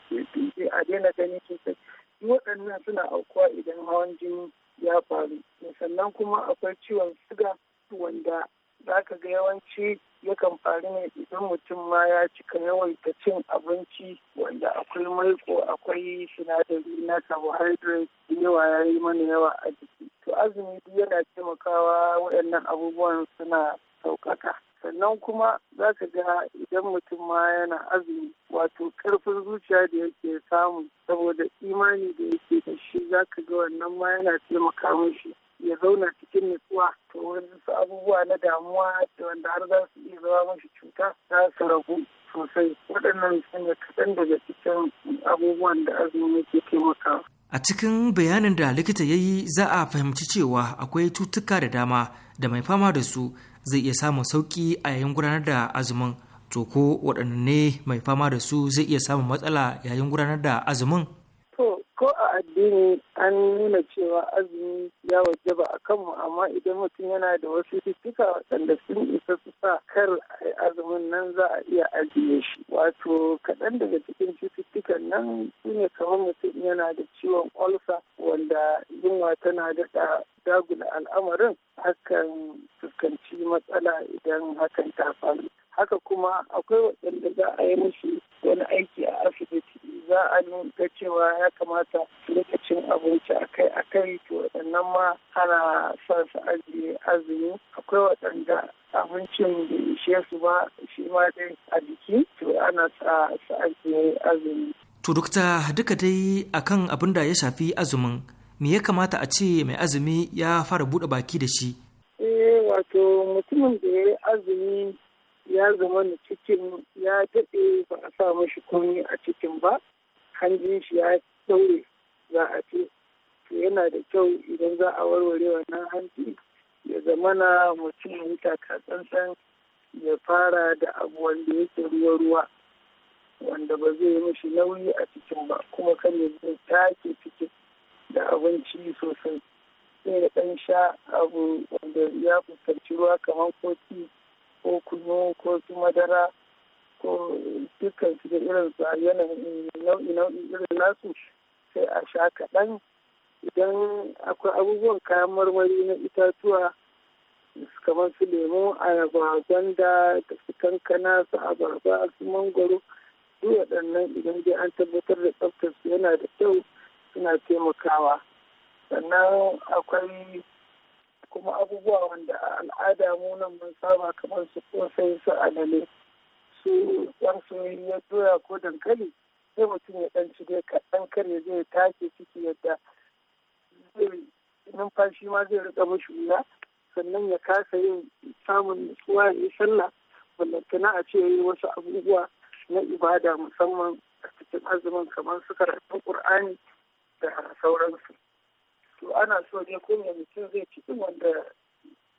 a daina gani sosai duk waɗannan suna aukuwa idan hawan jini ya faru sannan kuma akwai ciwon suga wanda za ka ga yawanci yakan faru ne idan mutum ma ya cika yawaita cin abinci wanda akwai maiko akwai sinadari na carbohydrate yawa ya yi mana yawa a jiki to azumi duk yana taimakawa waɗannan abubuwan suna saukaka sannan kuma za ka ga idan mutum ma yana azumi wato karfin zuciya da yake samu saboda imani da yake da shi za ka ga wannan ma yana taimaka mishi ya zauna cikin nutsuwa to wani abubuwa na damuwa da wanda har za su iya zama mashi cuta za su ragu sosai waɗannan su kaɗan daga cikin abubuwan da azumi ke taimakawa.
A cikin bayanin da likita ya yi za a fahimci cewa akwai cutuka da dama da mai fama da su zai iya samun sauki a yayin gudanar da azumin. To ko waɗanne mai fama da su zai iya samun matsala yayin gudanar da azumin?
addini an nuna cewa azumi ya wajaba a kanmu amma idan mutum yana da wasu cututtuka waɗanda sun isa su sa kar azumin nan za a iya ajiye shi wato kaɗan daga cikin cututtukan nan sune ne kamar mutum yana da ciwon olsa wanda yunwa tana daɗa dagula al'amarin hakan fuskanci matsala idan hakan ta faru haka kuma akwai waɗanda za a yi musu wani aiki a asibiti za a nuna cewa ya kamata lokacin abinci akai akai to waɗannan ma ana sa su ajiye azumi akwai waɗanda abincin da ishe su ba shi ma dai a jiki to ana sa su ajiye azumi.
to dukta duka dai akan abin da ya shafi azumin me ya kamata a ce mai azumi ya fara buɗe baki da shi?
Eh wato mutumin da ya azumi ya zama na cikin ya daɗe ba a sa mashi komi a cikin ba hanjin shi ya daure za a ce to yana da kyau idan za a warware wannan hanji ya zama na mutumin ya ya fara da abu wanda yake ruwa-ruwa wanda ba zai yi mashi nauyi a cikin ba kuma kan ya take cikin da abinci sosai sai da ɗan sha abu wanda ya fuskanci ruwa kamar kofi ko kunu ko su madara ko dukkan su da irin su a yanayin nau'i nau'i irin nasu sai a sha kaɗan idan akwai abubuwan kayan marmari na itatuwa kamar su lemu ayaba gwanda da su kankana su abarba su mangwaro duk waɗannan idan dai an tabbatar da tsaftar su yana da kyau suna taimakawa sannan akwai kuma abubuwa wanda a al'ada mu nan mun saba kamar su kosai su alale su yan soyayya doya ko dankali sai mutum ya dan ci kaɗan kar ya zai take ciki yadda zai numfashi ma zai rika mashi wuya sannan ya kasa yin samun nutsuwa ya yi sallah wallantana a ce yi wasu abubuwa na ibada musamman a cikin azumin kamar su karatun ƙur'ani da sauransu to ana so ne ko mutum zai ci wanda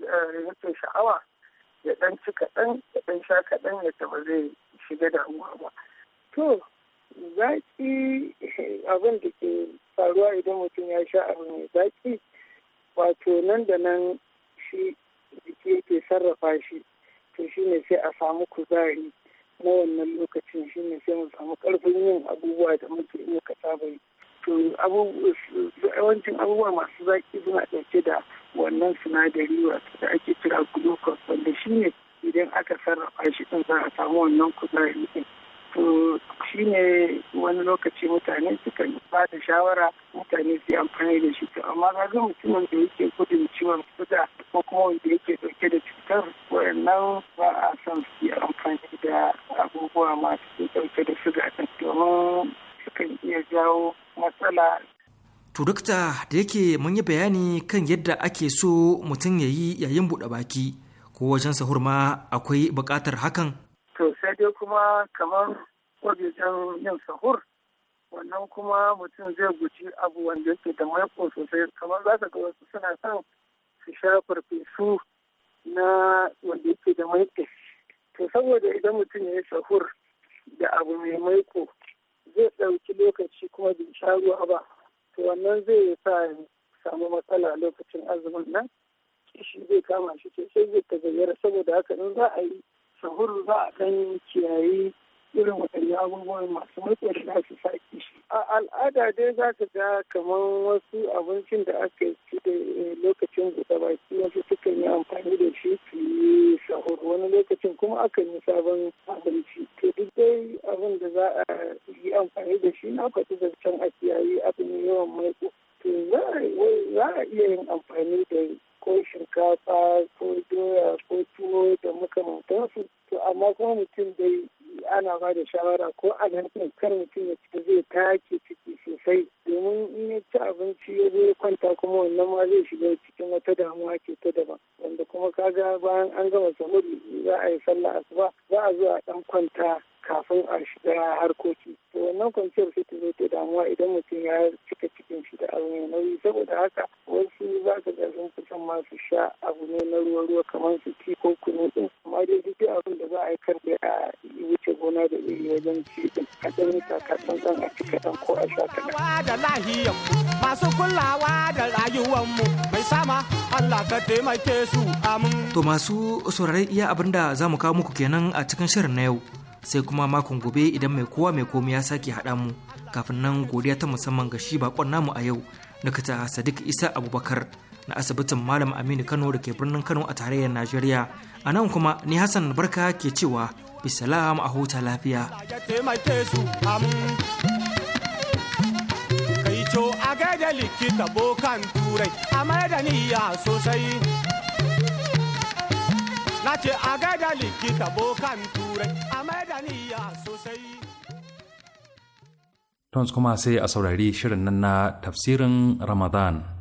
eh, yake sha'awa ya dan ci kaɗan ya dan sha kaɗan ya taɓa zai shiga damuwa ba to zaƙi abin da ke faruwa idan mutum ya sha abu mai zaƙi wato nan da nan shi jiki yake sarrafa shi to shi ne sai a samu kuzari na wannan lokacin shi ne sai mu samu karfin yin abubuwa da muke muka saba yi yawancin abubuwa masu zaki suna ɗauke da wannan sinadari wato da ake kira glucose wanda shi ne idan aka sarrafa shi ɗin za a samu wannan kuzari ɗin to shi ne wani lokaci mutane sukan ba da shawara mutane su yi amfani da shi to amma ga mutumin da yake gudun ciwon suga ko kuma wanda yake dauke da cutar wayannan ba a son su yi amfani da abubuwa masu ɗauke da suga domin sukan iya jawo matsala
To dokta da yake mun yi bayani kan yadda ake so mutum ya yi yayin buɗe baki ko wajen sahur akwai buƙatar hakan?
To sai dai kuma kamar wajen yin sahur wannan kuma mutum zai guji abu wanda yake da maiko sosai kamar za ka ga wasu suna son su sha farfesu na wanda yake da maiko. To saboda idan mutum ya yi sahur da abu mai maiko zai ɗauki lokaci kuma bai sha ruwa ba to wannan zai sa ya samu matsala lokacin azumin nan kishi zai kama shi sosai zai ta gayyara saboda haka in za a yi sahur za a ɗan kiyayi irin waɗannan abubuwan masu matsayi da su sake shi. A al'ada dai za ka ga kamar wasu abincin da aka ci da eh, lokacin guda baki wasu sukan yi amfani da shi su yi sahur wani lokacin kuma akan yi sabon abinci. To duk dai abin da za a yi amfani da shi na da can a kiyaye abin yawan maiko. To za a iya yin amfani da ko shinkafa ko doya ko tuwo da makamantansu to amma kuma mutum dai ana ba da shawara ko a nan kar mutum ya ci zai take ciki sosai domin in ya ci abinci ya zo kwanta kuma wannan ma zai shiga cikin wata damuwa ke ta daban wanda kuma kaga bayan an gama samuri za a yi sallah asuba za a zo a dan kwanta kafin a shiga harkoki to wannan kwanciyar sai ta zo ta damuwa idan mutum ya cika cikin shi da abu mai nauyi saboda haka wasu za ka ga sun fi son masu sha abu ne na ruwa ruwa kamar su ci ko kunu din amma dai duk abin da za a yi kar da a wuce gona da iri wajen ci din a ɗaurin takatsan ɗan a cika ɗan ko a sha
kaɗan. da
lahiyar masu kulawa da mu mai sama Allah ka taimake su amin.
To masu sauraron iya abin da za mu kawo muku kenan a cikin shirin na yau. sai kuma makon gobe idan mai kowa mai komi ya sake haɗa mu kafin nan godiya ta musamman ga shi bakon namu a yau kata sadiq isa abubakar na asibitin malam aminu kano da ke birnin kano a tarayyar najeriya a nan kuma ni hassan barka ke cewa bisalam a huta lafiya
a likita bokan turai a da niyya sosai na ce a gaida likita bokan turai a maida niyya sosai
tons kuma sai a saurari shirin nan na tafsirin ramadan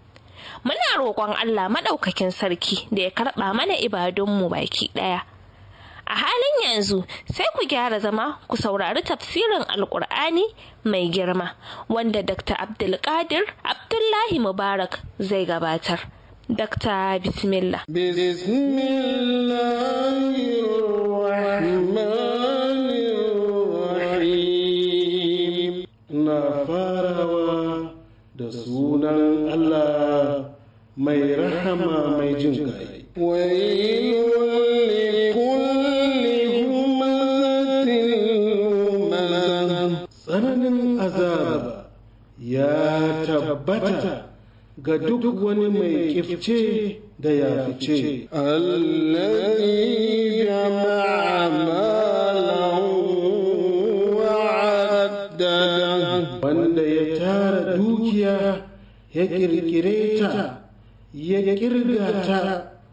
muna roƙon Allah maɗaukakin sarki da ya karɓa mana ibadunmu baki ɗaya. A halin yanzu sai ku gyara zama ku saurari tafsirin Alƙur'ani mai girma wanda Dr. Abdulkadir Abdullahi Mubarak zai gabatar. Dr. Bismillah.
Bismillahirrahmanirrahim.
da sunan
Allah mai rahama mai jin kai. Tsananin azaba ya tabbata ga duk wani mai kifce da ya fice. Allah ya ma'amma dukiya ya kirkire ta ya kirga ta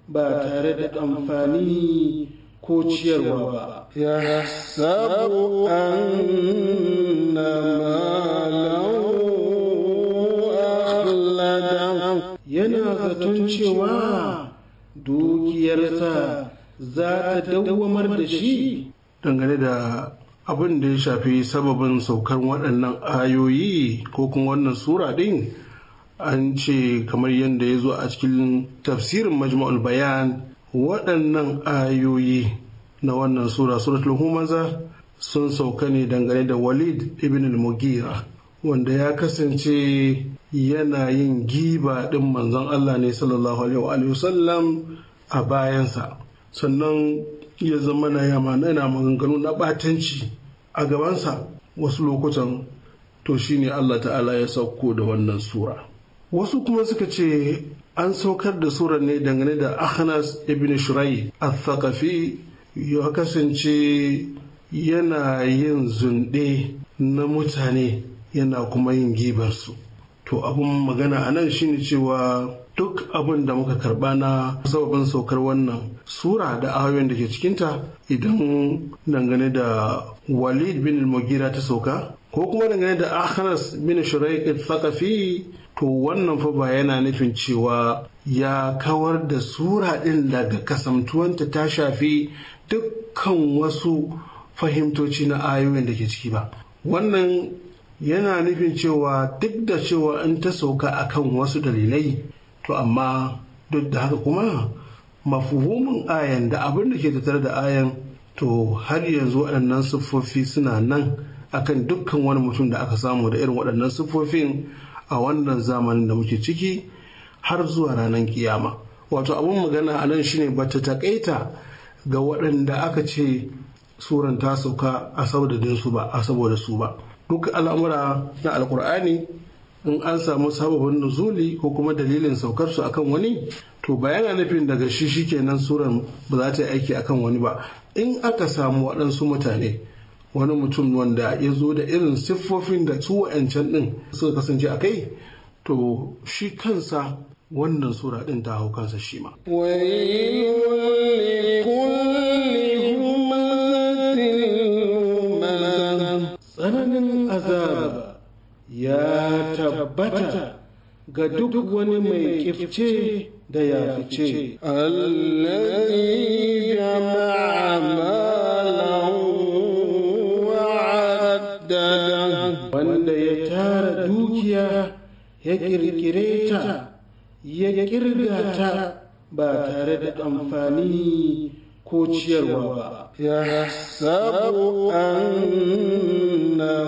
ba tare da
amfani
ko ciyarwa ba ya sabu an yana zaton cewa dukiyarsa za ta dawwamar da shi dangane da abin da ya shafi sababin saukar waɗannan ayoyi ko kuma wannan sura ɗin an ce kamar yadda ya zo a cikin tafsirin majma'ul bayan waɗannan ayoyi na wannan sura suratul humaza sun sauka ne dangane da walid ibn al-mugira wanda ya kasance yana yin giba ɗin manzon Allah ne sallallahu alaihi wasallam a bayansa sannan ya zama na yama na maganganu na batanci. a gabansa wasu lokutan to shi ne Allah ta'ala ya sauko da wannan sura wasu kuma suka ce an saukar da surar ne dangane da Ahnas ibn Shurai al-Thaqafi ya kasance yana yin zunɗe na mutane yana kuma yin gibarsu to abin magana a nan shine cewa duk abin da muka karba na sababin saukar wannan sura da ayoyin da ke cikinta idan dangane da walid bin mugira ta sauka ko kuma dangane da akhras bin shuraik thaqafi to wannan fa ba yana nufin cewa ya kawar da sura ɗin daga kasamtuwanta ta shafi dukkan wasu fahimtoci na ayoyin da ke ciki ba wannan yana nufin cewa duk da cewa in ta sauka akan wasu dalilai to amma duk da haka kuma mafuhumin ayan da abin da ke tattare da ayan to har yanzu waɗannan siffofi suna nan akan dukkan wani mutum da aka samu da irin waɗannan siffofin a wannan zamanin da muke ciki har zuwa ranar kiyama wato abin magana a nan shine ba ta takaita ga waɗanda aka ce suran ta sauka a saboda su ba a saboda su ba duk al'amura na alkur'ani in an samu sababin nuzuli ko kuma dalilin saukar su akan wani to bayana nufin daga shi shikenan suran ba za ta yi aiki akan wani ba in aka samu waɗansu mutane wani mutum wanda ya zo da irin siffofin da su wa'ancan din suka kasance a kai to shi kansa wannan sura ɗin ta hau kansa shi ma. tsananin azab ya tabbata ga duk wani mai kifce da ya fice. wanda ya tara dukiya ya kirkire ta ya kirga ta ba tare da amfani ko ciyarwa ba. Ya sabu an na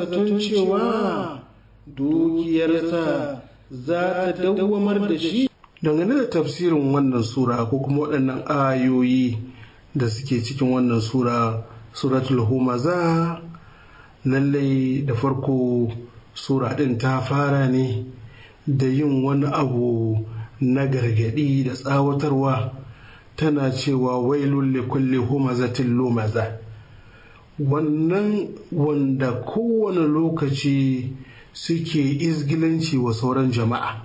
zaton cewa dukiyarsa za ta dawwamar da shi dangane da tafsirin wannan sura ko kuma waɗannan ayoyi da suke cikin wannan sura suratul humaza lallai da farko sura ɗin ta fara ne da yin wani abu na gargaɗi da tsawatarwa tana cewa wailul li kulli humazatin lumaza wannan wanda kowane lokaci suke izgilanci wa sauran jama'a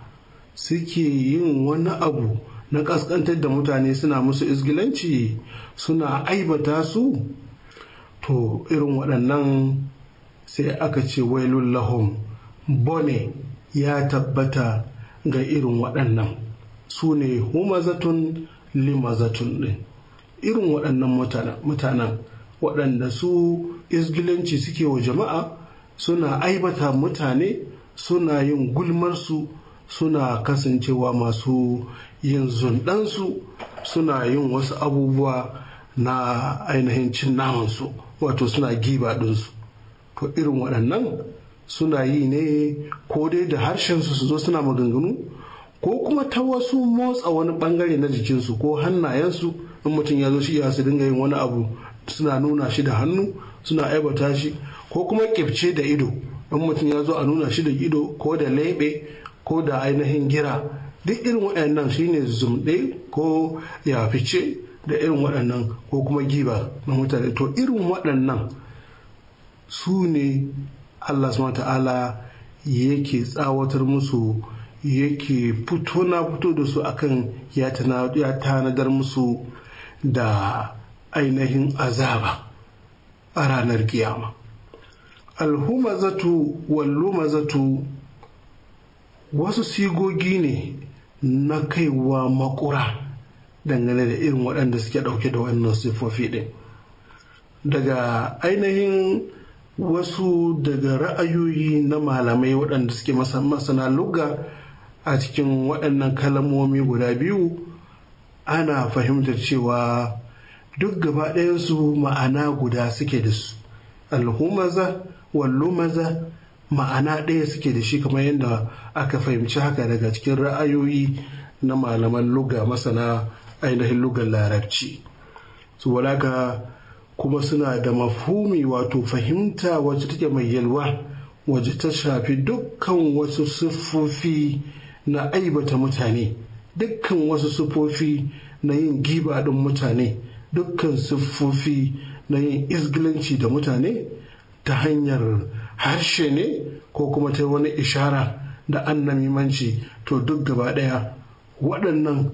suke yin wani abu na ƙasƙantar da mutane suna musu izgilanci suna aibata su to irin waɗannan sai aka ce wailun lahum bone ya tabbata ga irin waɗannan su ne humazatun limazatun ɗin irin waɗannan mutanen waɗanda su izgilanci suke wa jama'a suna aibata mutane suna yin gulmarsu suna kasancewa masu yin zundansu suna yin wasu abubuwa na ainihin cin namansu wato suna giba ɗinsu to irin waɗannan suna yi ne ko dai da harshensu su zo suna maganganu ko kuma ta wasu motsa wani ɓangare na jikinsu ko hannayensu in mutum ya zo shi ya su dinga yin wani abu suna nuna shi da hannu suna aibata shi ko kuma kifce da ido in mutum ya zo a nuna shi da ido ko da laibe ko da ainihin gira duk irin waɗannan shine zumɗe ko ya fice da irin waɗannan ko kuma giba na mutane to irin waɗannan su ne allah subhanahu ta'ala yake tsawatar musu yake fito na fito da su akan ya tanadar musu da ainihin azaba a ranar kiyama walluma wallumazatu wasu sigogi ne na kaiwa makura dangane da irin waɗanda suke ɗauke da wannan siffofi ɗin daga ainihin wasu daga ra'ayoyi na malamai waɗanda suke masana lugga a cikin waɗannan kalamomi guda biyu ana fahimtar cewa duk gaba su ma'ana guda suke da su alhumaza wallumaza ma'ana ɗaya suke da shi kamar yadda aka fahimci haka daga cikin ra'ayoyi na malaman luga masana ainihin lugar larabci su walaka kuma suna da mafhumi wato fahimta wacce take mai yalwa wacce ta shafi dukkan wasu siffofi na aibata mutane dukkan wasu siffofi na yin giba ɗin mutane dukkan siffofi na yin izgilanci da mutane ta hanyar harshe ne ko kuma ta wani ishara da annamimanci to duk gaba daya waɗannan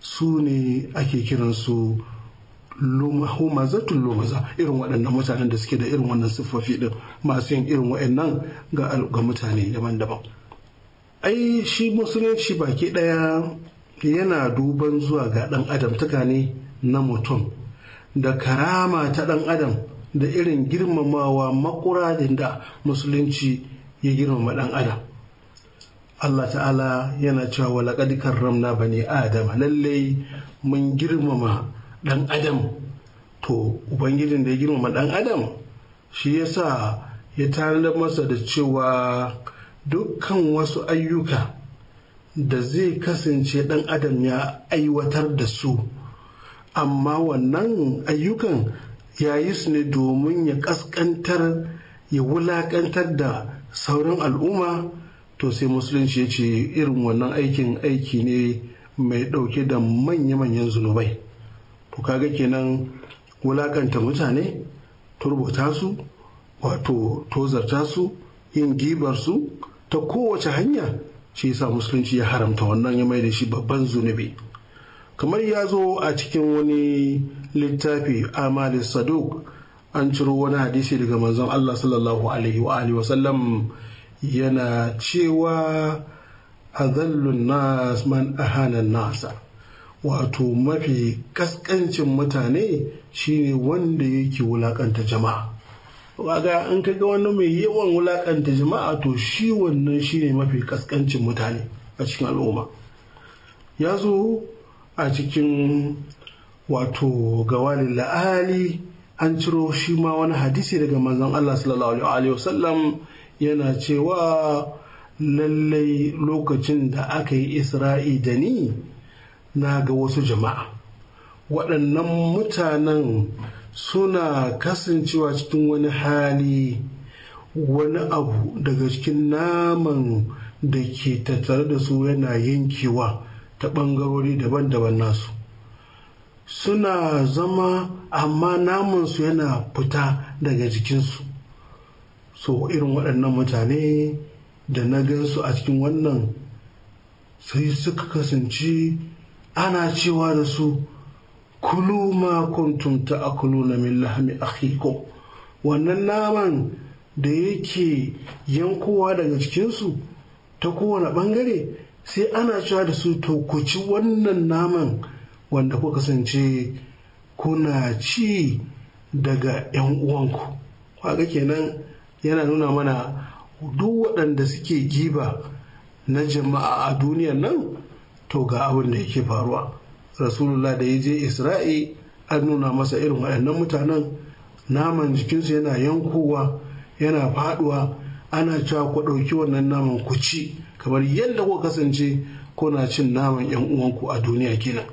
su ne ake kiransu humazatun lumaza irin waɗannan mutanen da suke da irin wannan siffofi ɗin masu yin irin waɗannan ga mutane daban-daban ai shi musulunci baki ɗaya yana duban zuwa ga ɗan adam tuka na mutum da karama ta ɗan adam da irin girmamawa makura da musulunci ya girmama ɗan adam Allah ta'ala yana cewa walaƙad karramna Adama adam lallai mun girmama ɗan adam to ubangijin da ya girmama ɗan adam shi yasa ya tanar masa da cewa dukkan wasu ayyuka da zai kasance ɗan adam ya aiwatar da su amma wannan ayyukan ya yi su ne domin ya ƙasƙantar ya wulaƙantar da sauran al'umma to sai musulunci ya ce irin wannan aikin aiki ne mai ɗauke da manya-manyan zunubai to kaga kenan wulaƙanta mutane turbuta su wato tozarta su yin gibar su ta kowace hanya shi yasa musulunci ya haramta wannan ya mai da shi babban zunubi. kamar ya zo a cikin wani littafi amalis saduk an ciro wani hadisi daga manzon Allah sallallahu alaihi wa alihi wasallam yana cewa azallun nas man ahana nasa wato mafi kaskancin mutane shine wanda yake wulakanta jama'a kaga an ga wani mai yawan wulakanta jama'a to shi wannan shine mafi kaskancin mutane a cikin al'umma ya zo a cikin wato gawalin la'ali an ciro shi ma wani hadisi daga manzan Allah sallallahu alaihi wasallam yana cewa lallai lokacin da aka yi isra'i da ni na ga wasu jama'a waɗannan mutanen suna kasancewa cikin wani hali wani abu daga cikin naman da ke tattare da su yana yankewa ta ɓangarori daban-daban nasu suna zama amma namansu yana fita daga jikinsu so irin waɗannan mutane da na gansu a cikin wannan sai suka kasance ana cewa da su kulu ma kuntum na min lahmi akhikum wannan naman da yake yankowa daga cikinsu ta kowane ɓangare sai ana cewa da su to ku ci wannan naman wanda ku kasance kuna ci daga 'yan uwanku kwaga kenan yana nuna mana duk waɗanda suke giba na jama'a a duniyar nan to ga abin da yake faruwa rasulullah da ya je isra'i an nuna masa irin waɗannan mutanen naman jikinsu yana yankowa yana faduwa ana cewa ku ɗauki wannan naman ku ci kamar yadda kuka kasance kuna cin naman yan uwanku a duniya kenan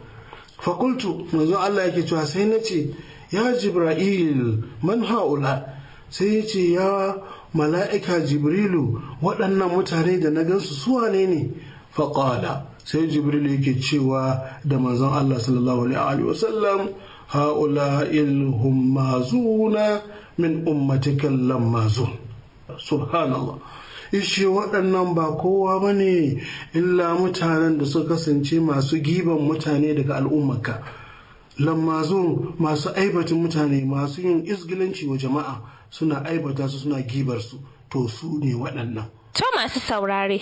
fakultu manzo Allah yake cewa sai na ce ya jibril man haula sai ya ce ya mala'ika jibrilu waɗannan mutane da na gansu su wane ne faƙala sai jibrilu yake cewa da manzon Allah sallallahu alaihi Sallam, ha'ula ilhum mazuna min ummatika lam mazun subhanallah ishe waɗannan ba kowa ba ne illa mutanen da suka kasance masu giban mutane daga al'ummarka lammazu masu aibatin mutane masu yin izgilanci wa jama'a suna aibata su suna gibar su to su ne waɗannan
to masu saurare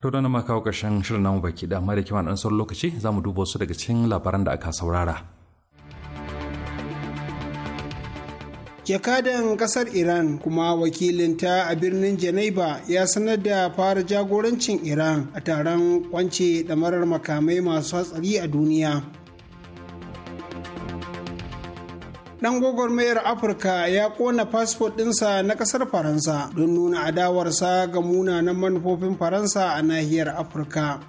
To da na kawo ƙarshen shirin namu baki da amma da kima da sauran lokaci za mu duba su daga cikin labaran da aka saurara.
Jakadan ƙasar Iran kuma wakilinta a birnin Janaiba ya sanar da fara jagorancin Iran a taron kwance ɗamarar makamai masu hatsari a duniya. dan gwagwarmayar afirka ya kona fasfot ɗinsa na ƙasar faransa don nuna adawarsa ga munanan manufofin faransa a nahiyar afirka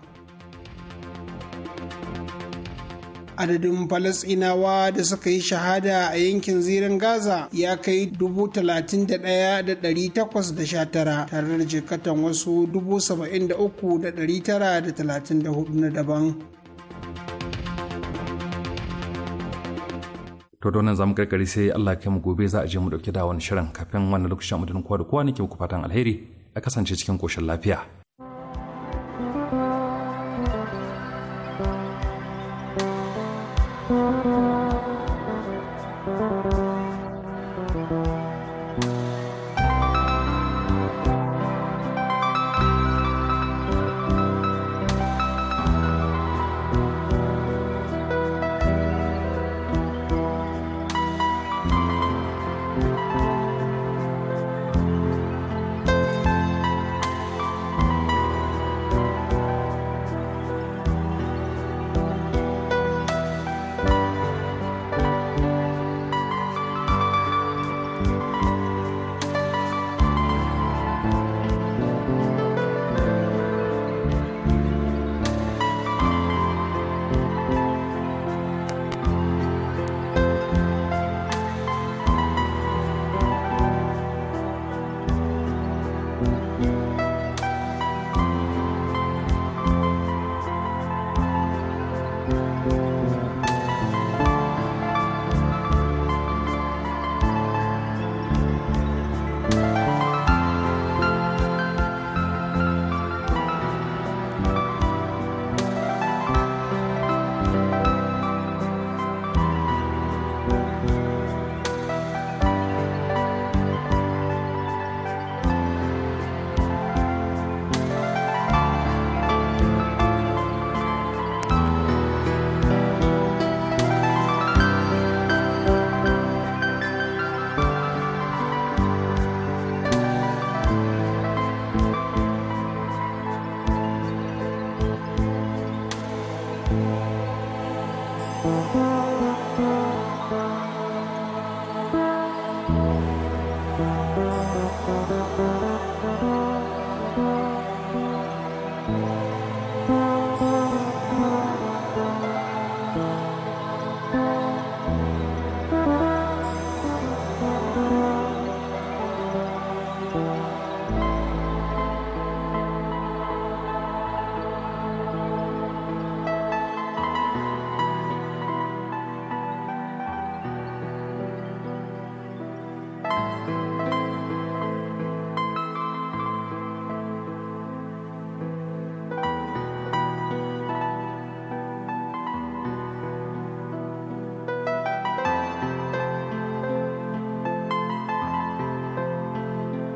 adadin falasinawa da suka yi shahada a yankin zirin gaza ya kai 31,819 tare da jikatan wasu 73,934 na daban
to da wannan zamu karkare sai Allah kai mu gobe za a je mu dauki da wani shirin kafin wannan lokacin mu da kowa da kowa nake muku fatan alheri a kasance cikin koshin lafiya